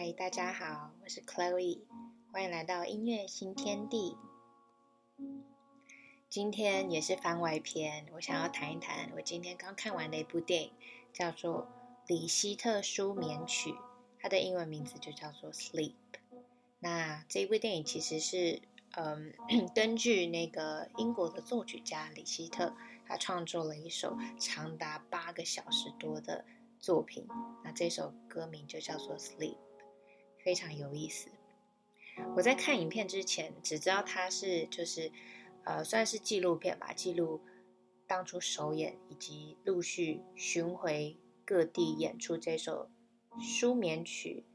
嗨，Hi, 大家好，我是 Chloe，歡迎來到音樂新天地。今天也是番外篇，我想要談一談我今天剛看完的一部電影，叫做《李希特舒眠曲》，它的英文名字就叫做《Sleep》。那這部電影其實是，嗯， 根據那個英國的作曲家李希特，他創作了一首長達八個小時多的作品，那這首歌名就叫做《Sleep》。非常有意思。我在看影片之前，只知道它是就是，呃，算是紀錄片吧，記錄當初首演以及陸續巡迴各地演出這首舒眠曲，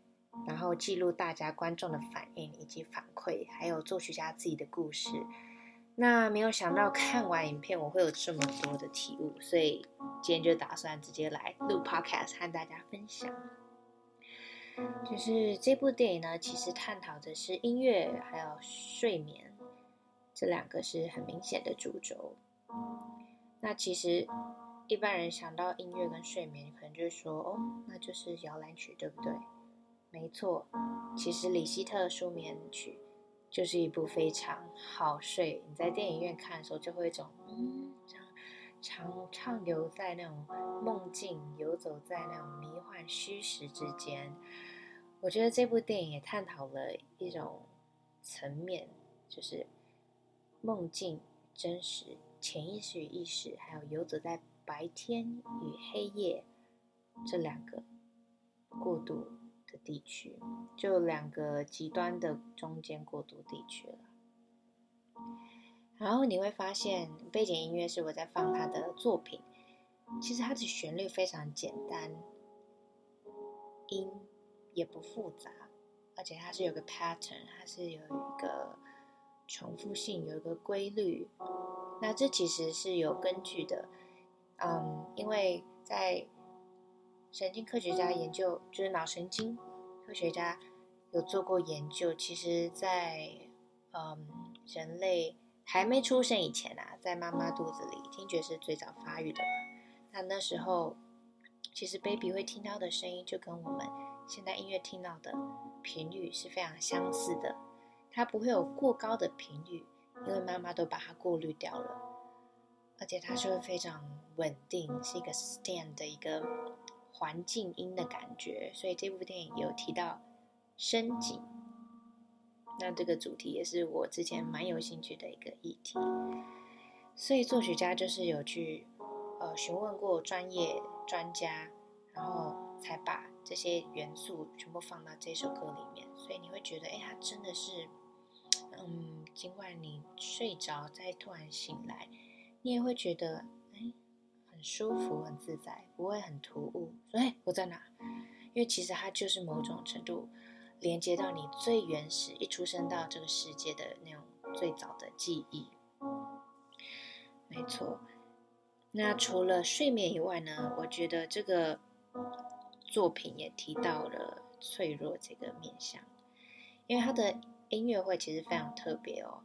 然後記錄大家觀眾的反應以及反饋，還有作曲家自己的故事。那沒有想到看完影片，我會有這麼多的體悟，所以今天就打算直接來錄 Podcast，和大家分享。就是這部電影呢，其實探討的是音樂還有睡眠，這兩個是很明顯的主軸。那其實一般人想到音樂跟睡眠，可能就會說，哦，那就是搖籃曲，對不對？沒錯，其實李希特《舒眠曲》就是一部非常好睡，你在電影院看的時候就會一種，嗯常暢遊在那種夢境，遊走在那種迷幻虛實之間。我覺得這部電影也探討了一種層面，就是夢境、真實、潛意識與意識，還有遊走在白天與黑夜這兩個過渡的地區，就兩個極端的中間過渡地區了。然後你會發現，背景音樂是我在放他的作品。其實它的旋律非常簡單，音也不複雜，而且它是有個 pattern，它是有一個重複性，有一個規律。那這其實是有根據的，嗯，因為在神經科學家研究，就是腦神經科學家有做過研究，其實在，在嗯人類。還沒出生以前啊，在媽媽肚子裡，聽覺是最早發育的嘛。那那時候，其實 baby 會聽到的聲音，就跟我們現在音樂聽到的頻率是非常相似的。它不會有過高的頻率，因為媽媽都把它過濾掉了。而且它是非常穩定，是一個 stand 的一個環境音的感覺。所以這部電影有提到深井。那這個主題也是我之前蠻有興趣的一個議題，所以作曲家就是有去呃詢問過專業專家，然後才把這些元素全部放到這首歌裡面，所以你會覺得，哎、欸，它真的是，嗯，儘管你睡着再突然醒來，你也會覺得，欸，很舒服、很自在，不會很突兀，所以我在哪？因為其實它就是某種程度。連接到你最原始一出生到這個世界的那種最早的記憶，沒錯。那除了睡眠以外呢？我覺得這個作品也提到了脆弱這個面向，因為他的音樂會其實非常特別哦。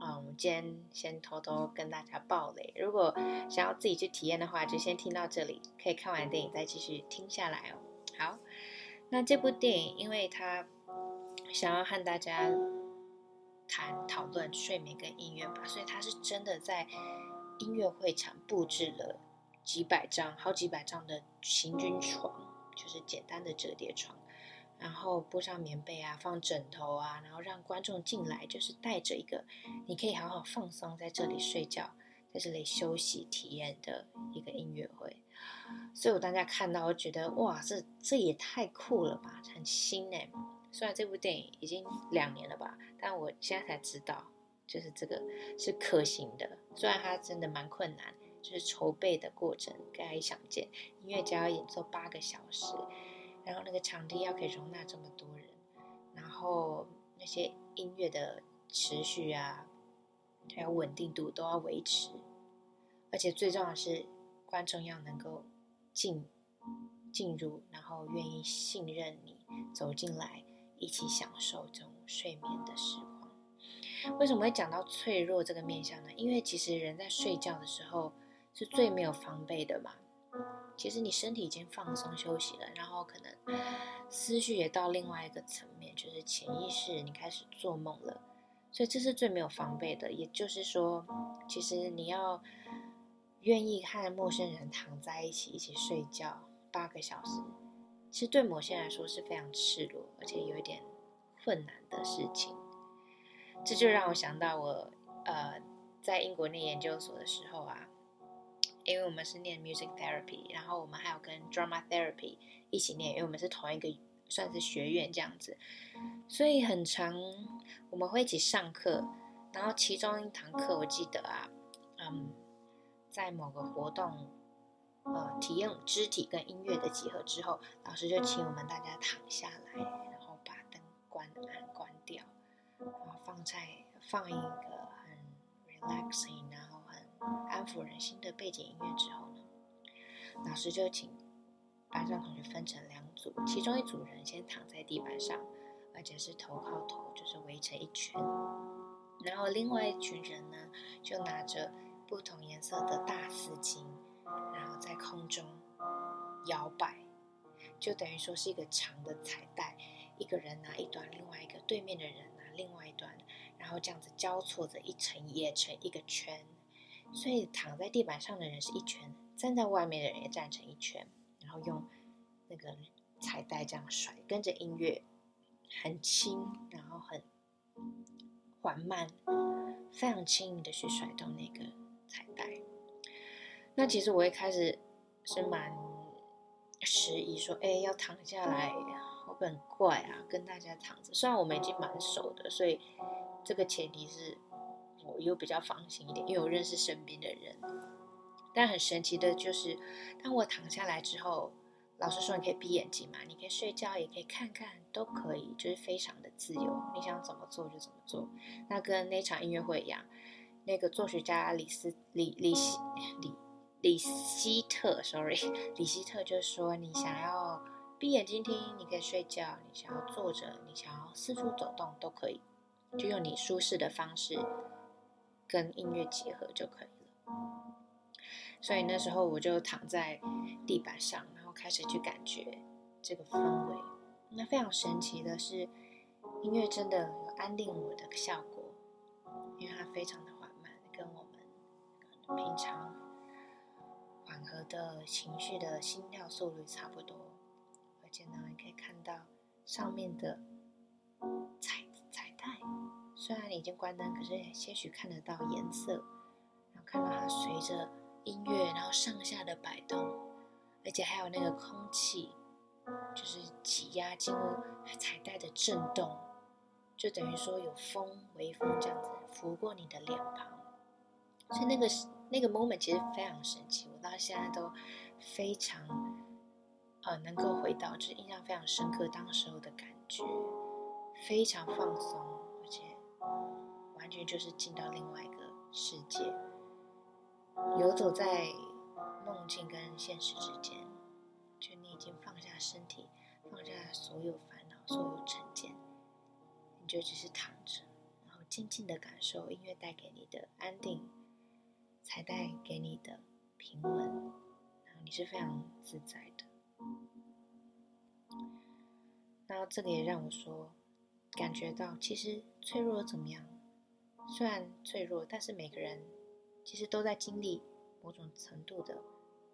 啊、嗯，我們今天先偷偷跟大家爆雷，如果想要自己去體驗的話，就先聽到這裡，可以看完電影再繼續聽下來哦。那這部電影，因為他想要和大家談討論睡眠跟音樂吧，所以他是真的在音樂會場布置了幾百張、好幾百張的行軍床，就是簡單的折疊床，然後鋪上棉被啊，放枕頭啊，然後讓觀眾進來，就是帶着一個，你可以好好放鬆在這裡睡覺。在這裡休息體驗的一個音樂會，所以我當下看到，我覺得哇，這這也太酷了吧，很新呢。雖然這部電影已經兩年了吧，但我現在才知道，就是這個是可行的。雖然它真的蠻困難，就是籌備的過程，大家想見音樂家要演奏八個小時，然後那個場地要可以容納這麼多人，然後那些音樂的持續啊。還有穩定度都要維持，而且最重要的是觀眾要能夠進進入，然後願意信任你走進來，一起享受這種睡眠的時光。為什麼會講到脆弱這個面向呢？因為其實人在睡覺的時候是最沒有防備的嘛。其實你身體已經放鬆休息了，然後可能思緒也到另外一個層面，就是潛意識你開始做夢了。所以這是最沒有防備的，也就是說，其實你要願意和陌生人躺在一起一起睡覺八個小時，其實對某些人來說是非常赤裸，而且有一點困難的事情。這就讓我想到我呃在英國念研究所的時候啊，因為我們是念 music therapy，然後我們還有跟 drama therapy 一起念，因為我們是同一個。算是學院這樣子，所以很常，我們會一起上課。然後其中一堂課，我記得啊，嗯，在某個活動，呃，體驗肢體跟音樂的結合之後，老師就請我們大家躺下來，然後把燈關關掉，然後放在放一個很 relaxing，然後很安撫人心的背景音樂之後呢，老師就請班上同學分成兩。其中一組人先躺在地板上，而且是頭靠頭，就是圍成一圈。然後另外一群人呢，就拿着不同顏色的大絲巾，然後在空中搖擺，就等於說是一個長的彩帶。一個人拿一端，另外一個對面的人拿另外一端，然後這樣子交錯着一層一層成一個圈。所以躺在地板上的人是一圈，站在外面的人也站成一圈，然後用那個。彩帶這樣甩，跟着音樂很輕，然後很緩慢，非常輕盈的去甩動那個彩帶。那其實我一開始是蠻遲疑，說：“欸，要躺下來會不會很怪啊？跟大家躺着。”雖然我們已經蠻熟的，所以這個前提是我又比較放心一點，因為我認識身邊的人。但很神奇的就是，當我躺下來之後。老師說：“你可以閉眼睛嘛，你可以睡覺，也可以看看，都可以，就是非常的自由。你想怎麼做就怎麼做。那跟那場音樂會一樣，那個作曲家李斯李李希李李希特，sorry，李希特就說：你想要閉眼睛聽，你可以睡覺；你想要坐着，你想要四處走動，都可以，就用你舒適的方式跟音樂結合就可以了。所以那時候我就躺在地板上。”開始去感覺這個氛圍，那非常神奇的是，音樂真的有安定我的效果，因為它非常的緩慢，跟我們平常緩和的情緒的心跳速率差不多。而且呢，你可以看到上面的彩彩帶，雖然你已經關燈，可是也些許看得到顏色，然後看到它隨着音樂，然後上下的擺動。而且還有那個空氣，就是擠壓經過彩帶的震動，就等於說有風，微風這樣子拂過你的臉龐，所以那個那個 moment 其實非常神奇，我到現在都非常呃能夠回到，就是印象非常深刻，當時候的感覺非常放鬆，而且完全就是進到另外一個世界，游走在。夢境跟現實之間，就你已經放下身體，放下所有煩惱、所有成見，你就只是躺着，然後靜靜的感受音樂帶給你的安定，才帶給你的平穩，然後你是非常自在的。然後這個也讓我說感覺到，其實脆弱怎麼樣？雖然脆弱，但是每個人其實都在經歷某種程度的。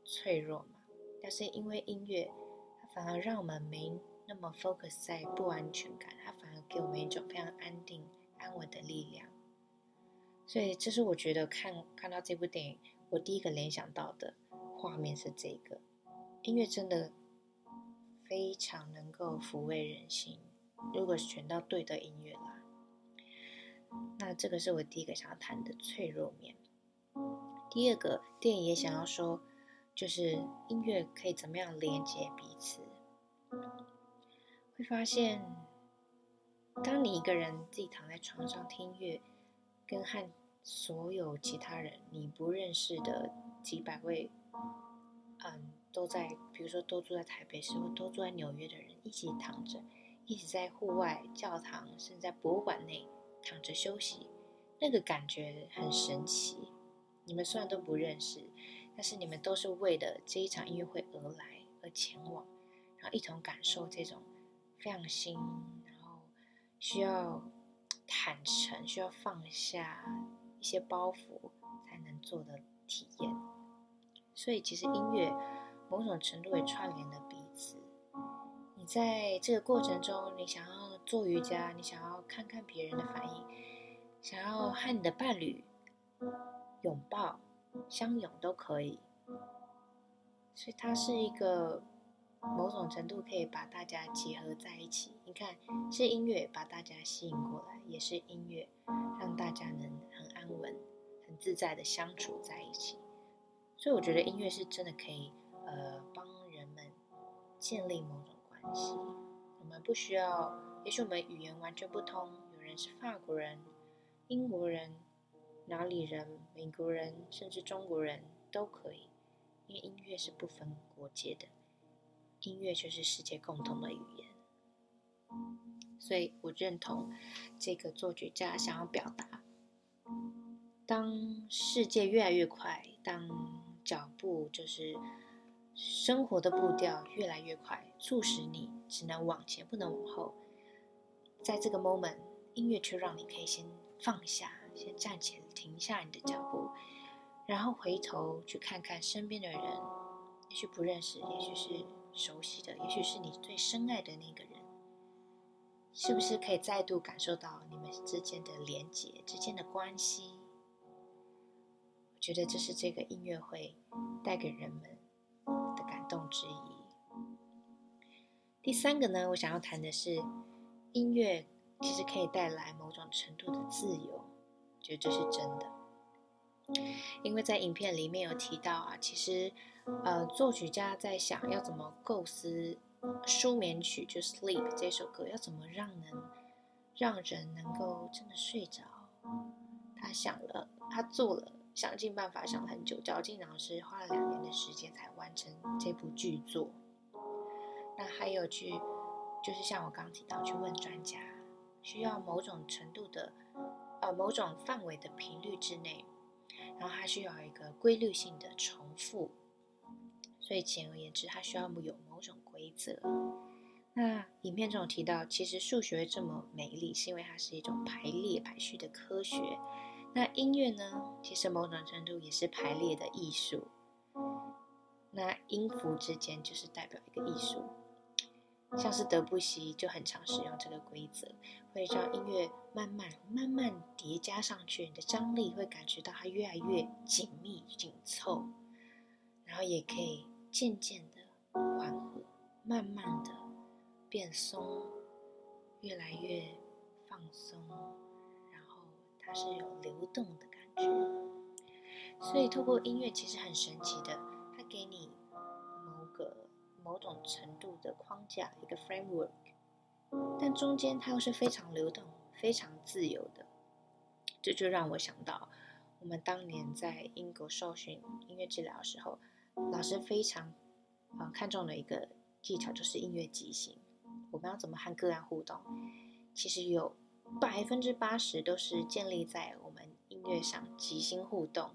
脆弱嘛，但是因為音樂，它反而讓我們沒那麼 focus 在不安全感，它反而給我們一種非常安定、安穩的力量。所以，這是我覺得看看到這部電影，我第一個聯想到的畫面是這個。音樂真的非常能夠撫慰人心，如果選到對的音樂啦。那這個是我第一個想要談的脆弱面。第二個電影也想要說，就是音樂可以怎麼樣連接彼此？會發現，當你一個人自己躺在床上聽音樂，跟和所有其他人你不認識的幾百位，嗯，都在，比如說都住在台北市或都住在紐約的人一起躺着，一起在戶外、教堂甚至在博物館內躺着休息，那個感覺很神奇。你們雖然都不認識。但是你們都是為了這一場音樂會而來而前往，然後一同感受這種亮心、新，然後需要坦誠、需要放下一些包袱才能做的體驗。所以其實音樂某種程度也串聯了彼此。你在這個過程中，你想要做瑜伽，你想要看看別人的反應，想要和你的伴侶擁抱。相擁都可以，所以它是一個某種程度可以把大家結合在一起。你看，是音樂把大家吸引過來，也是音樂讓大家能很安穩、很自在的相處在一起。所以我覺得音樂是真的可以，呃，幫人們建立某種關係。我們不需要，也許我們語言完全不通，有人是法國人、英國人。哪裡人、美國人，甚至中國人都可以，因為音樂是不分國界的，音樂就是世界共同的語言。所以我認同這個作曲家想要表達：當世界越來越快，當腳步就是生活的步調越來越快，促使你只能往前，不能往後。在這個 moment，音樂却讓你可以先放下。先站起來，停下你的腳步，然後回頭去看看身邊的人，也許不認識，也許是熟悉的，也許是你最深愛的那個人，是不是可以再度感受到你們之間的連結、之間的關係？我覺得這是這個音樂會帶給人們的感動之一。第三個呢，我想要談的是，音樂其實可以帶來某種程度的自由。覺得這是真的，因為在影片裡面有提到啊，其實，呃，作曲家在想要怎麼構思《舒眠曲》就《Sleep》這首歌，要怎麼讓能讓人能夠真的睡着。他想了，他做了，想盡辦法，想了很久，絞盡腦汁，花了兩年的時間才完成這部巨作。那還有去，就是像我剛提到去問專家，需要某種程度的。呃，某種範圍的頻率之內，然後它需要一個規律性的重複，所以簡而言之，它需要有某種規則。那影片中有提到，其實數學這麼美麗，是因為它是一種排列排序的科學。那音樂呢，其實某種程度也是排列的藝術。那音符之間就是代表一個藝術。像是德布西就很常使用這個規則，會讓音樂慢慢慢慢疊加上去，你的張力會感覺到它越來越緊密緊湊，然後也可以漸漸的緩和，慢慢的變鬆，越來越放鬆，然後它是有流動的感覺，所以透過音樂其實很神奇的，它給你，某種程度的框架，一個 framework，但中間它又是非常流動、非常自由的。這就讓我想到，我們當年在英國受訓音樂治療的時候，老師非常啊、呃、看重的一個技巧就是音樂即興。我們要怎麼和個案互動？其實有百分之八十都是建立在我們音樂上即興互動，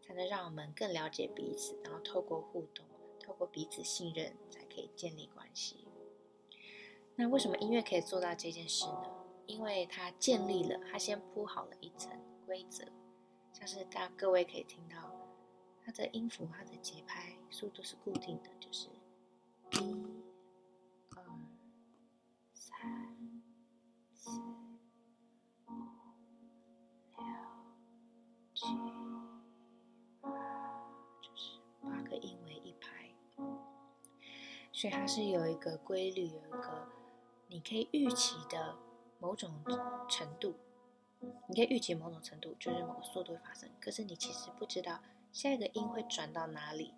才能讓我們更了解彼此，然後透過互動。透過彼此信任才可以建立關係。那為什麼音樂可以做到這件事呢？因為它建立了，它先鋪好了一層規則，像是大家各位可以聽到它的音符、它的節拍、速度是固定的，就是。所以它是有一個規律，有一個你可以預期的某種程度，你可以預期某種程度，就是某個速度會發生。可是你其實不知道下一個音會轉到哪裡，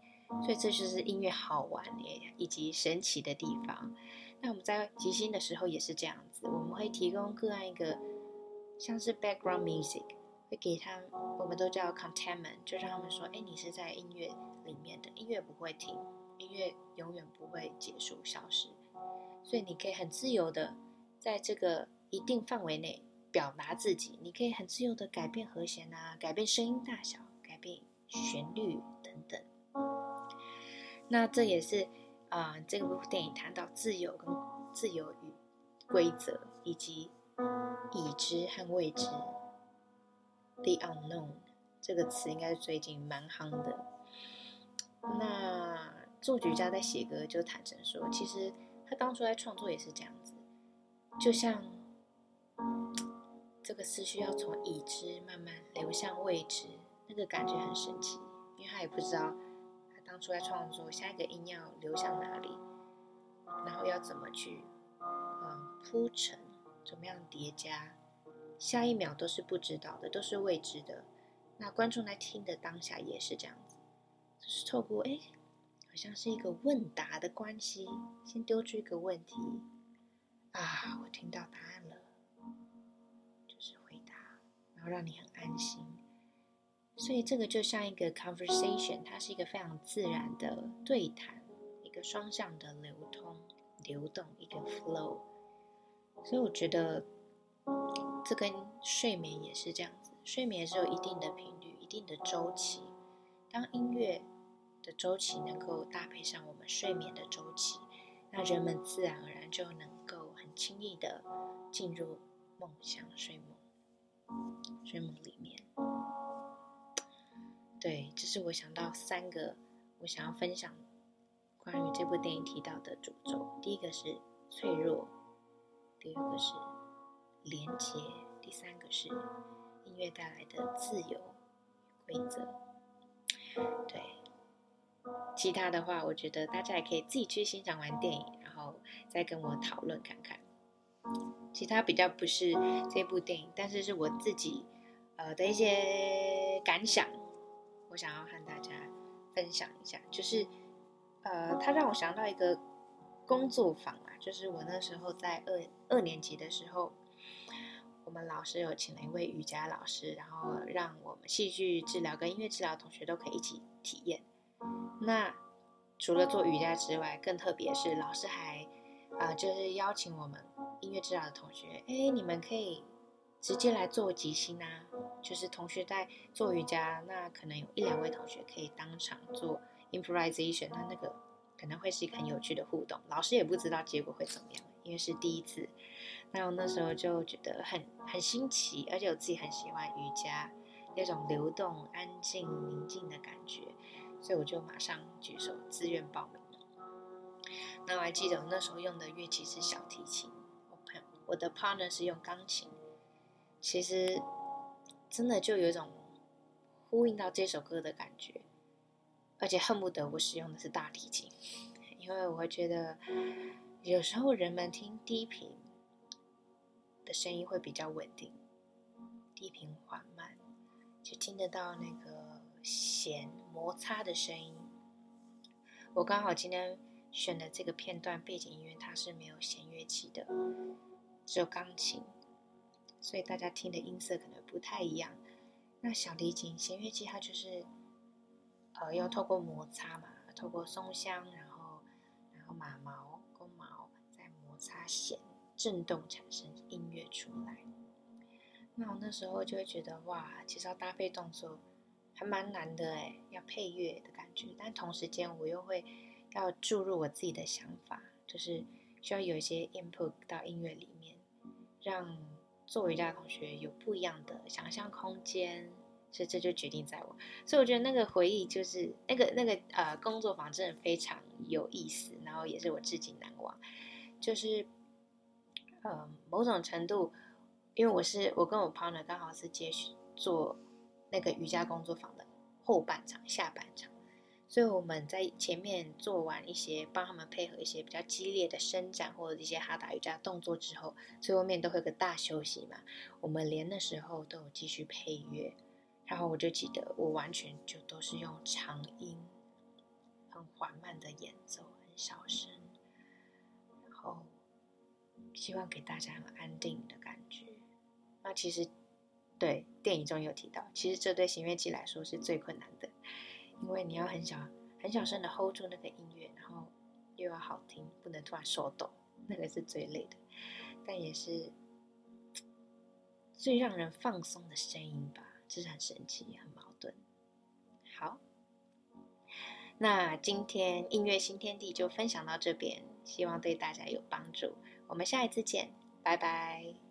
所以這就是音樂好玩誒，以及神奇的地方。那我們在即興的時候也是這樣子，我們會提供個案一個像是 background music，會給他，我們都叫 containment，就讓他們說：“哎，你是在音樂裡面的，音樂不會停。”音樂永遠不會結束、消失，所以你可以很自由的在這個一定範圍內表達自己。你可以很自由的改變和弦啊，改變聲音大小，改變旋律等等。那這也是啊、呃，這部電影談到自由跟自由與規則，以及已知和未知。The unknown 這個詞應該是最近蠻夯的。那。作曲家在寫歌就坦誠說：“其實他當初在創作也是這樣子，就像這個思緒要從已知慢慢流向未知，那個感覺很神奇。因為他也不知道他當初在創作下一個音要流向哪裡，然後要怎麼去嗯鋪陳，怎麼樣疊加，下一秒都是不知道的，都是未知的。那觀眾在聽的當下也是這樣子，就是透過誒。像是一個問答的關係，先丟出一個問題，啊，我聽到答案了，就是回答，然後讓你很安心。所以這個就像一個 conversation，它是一個非常自然的對談，一個雙向的流通，流動，一個 flow。所以我覺得，這跟睡眠也是這樣子，睡眠也是有一定的頻率、一定的週期。當音樂的週期能夠搭配上我們睡眠的週期，那人們自然而然就能夠很輕易的進入夢鄉睡夢睡夢裡面。對，這是我想到三個我想要分享關於這部電影提到的主軸，第一個是脆弱，第二個是連結，第三個是音樂帶來的自由規則。對。其他的話，我覺得大家也可以自己去欣賞完電影，然後再跟我討論看看。其他比較不是這部電影，但是是我自己呃的一些感想，我想要和大家分享一下。就是呃，它讓我想到一個工作坊啊，就是我那時候在二二年級的時候，我們老師有請了一位瑜伽老師，然後讓我們戲劇治療跟音樂治療同學都可以一起體驗。那除了做瑜伽之外，更特別是老師還啊、呃，就是邀請我們音樂治療的同學，哎、欸，你們可以直接來做即興啊。就是同學在做瑜伽，那可能有一兩位同學可以當場做 improvisation，那那個可能會是一個很有趣的互動。老師也不知道結果會怎麼樣，因為是第一次。那我那時候就覺得很很新奇，而且我自己很喜歡瑜伽那種流動、安靜、寧靜的感覺。所以我就馬上舉手，自願報名了。那我還記得，我那時候用的樂器是小提琴，我的 partner 是用鋼琴。其實真的就有一種呼應到這首歌的感覺，而且恨不得我使用的是大提琴，因為我會覺得有時候人們聽低頻的聲音會比較穩定，低頻緩慢，就聽得到那個弦，摩擦的聲音，我剛好今天選的這個片段背景音樂，它是沒有弦樂器的，只有鋼琴，所以大家聽的音色可能不太一樣。那小提琴、弦樂器，它就是，呃，要透過摩擦嘛，透過松香，然後然後馬毛、弓毛再摩擦弦，振動產生音樂出來。那我那時候就會覺得，哇，其實要搭配動作。還蠻難的哎、欸，要配樂的感覺，但同時間我又會要注入我自己的想法，就是需要有一些 input 到音樂裡面，讓做瑜伽同學有不一樣的想象空間。所以這就決定在我，所以我覺得那個回憶就是那個那個呃工作坊真的非常有意思，然後也是我至今難忘。就是嗯、呃，某種程度，因為我是我跟我 partner 剛好是接續做。那個瑜伽工作坊的後半場、下半場，所以我們在前面做完一些幫他們配合一些比較激烈的伸展或者一些哈達瑜伽動作之後，最後面都會有個大休息嘛。我們連那時候都有繼續配樂，然後我就記得我完全就都是用長音，很緩慢的演奏，很小聲，然後希望給大家很安定的感覺。那其實。對電影中有提到，其實這對弦樂器來說是最困難的，因為你要很小、很小聲的 hold 住那個音樂，然後又要好聽，不能突然手抖，那個是最累的，但也是最讓人放鬆的聲音吧，這是很神奇、也很矛盾。好，那今天音樂新天地就分享到這邊，希望對大家有幫助。我們下一次見，拜拜。